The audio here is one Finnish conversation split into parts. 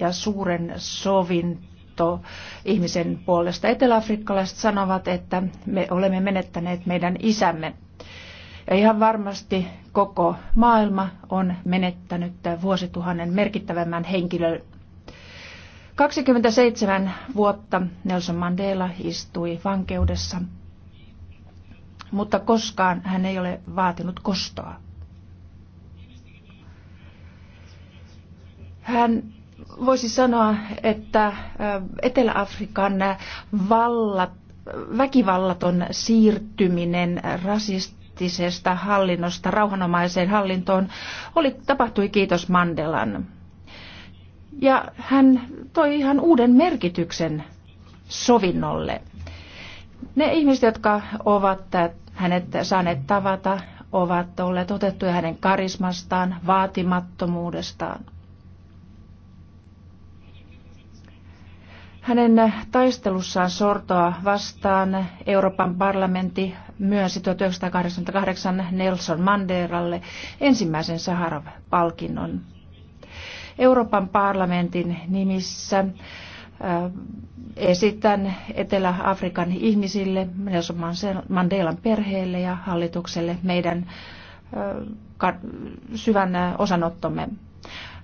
ja suuren sovinto ihmisen puolesta. Eteläafrikkalaiset sanovat, että me olemme menettäneet meidän isämme. Ja ihan varmasti koko maailma on menettänyt vuosituhannen merkittävämmän henkilön. 27 vuotta Nelson Mandela istui vankeudessa, mutta koskaan hän ei ole vaatinut kostoa. Hän voisi sanoa, että Etelä-Afrikan vallat, väkivallaton siirtyminen rasistisesta hallinnosta rauhanomaiseen hallintoon oli, tapahtui kiitos Mandelan. Ja hän toi ihan uuden merkityksen sovinnolle. Ne ihmiset, jotka ovat hänet saaneet tavata, ovat olleet otettuja hänen karismastaan, vaatimattomuudestaan – Hänen taistelussaan sortoa vastaan Euroopan parlamentti myönsi 1988 Nelson Mandelalle ensimmäisen Saharov-palkinnon. Euroopan parlamentin nimissä äh, esitän Etelä-Afrikan ihmisille, Nelson Mandelan perheelle ja hallitukselle meidän äh, syvän äh, osanottomme.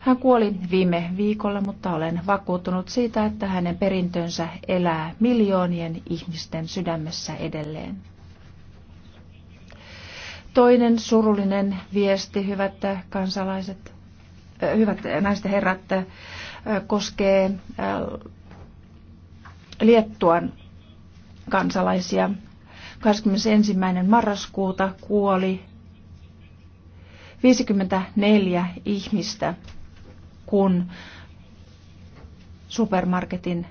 Hän kuoli viime viikolla, mutta olen vakuuttunut siitä, että hänen perintönsä elää miljoonien ihmisten sydämessä edelleen. Toinen surullinen viesti, hyvät kansalaiset, hyvät naiset ja herrat, koskee Liettuan kansalaisia. 21. marraskuuta kuoli 54 ihmistä kun supermarketin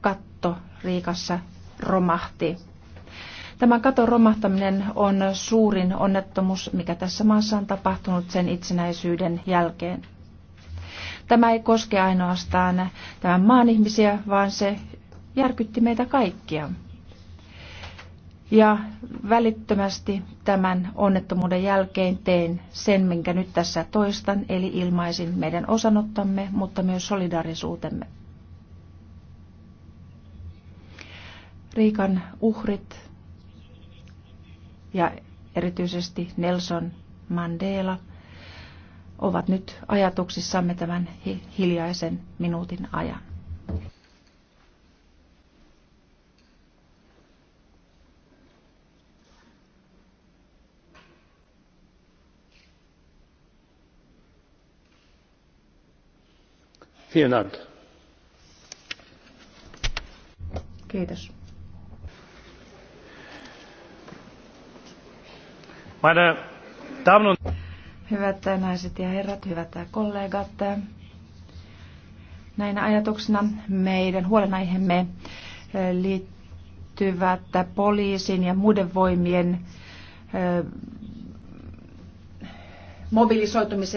katto Riikassa romahti. Tämän katon romahtaminen on suurin onnettomuus, mikä tässä maassa on tapahtunut sen itsenäisyyden jälkeen. Tämä ei koske ainoastaan tämän maan ihmisiä, vaan se järkytti meitä kaikkia. Ja välittömästi tämän onnettomuuden jälkeen tein sen, minkä nyt tässä toistan, eli ilmaisin meidän osanottamme, mutta myös solidarisuutemme. Riikan uhrit ja erityisesti Nelson Mandela ovat nyt ajatuksissamme tämän hiljaisen minuutin ajan. Kiitos. Hyvät naiset ja herrat, hyvät kollegat. Näinä ajatuksena meidän huolenaiheemme liittyvät poliisin ja muiden voimien mobilisoitumiseen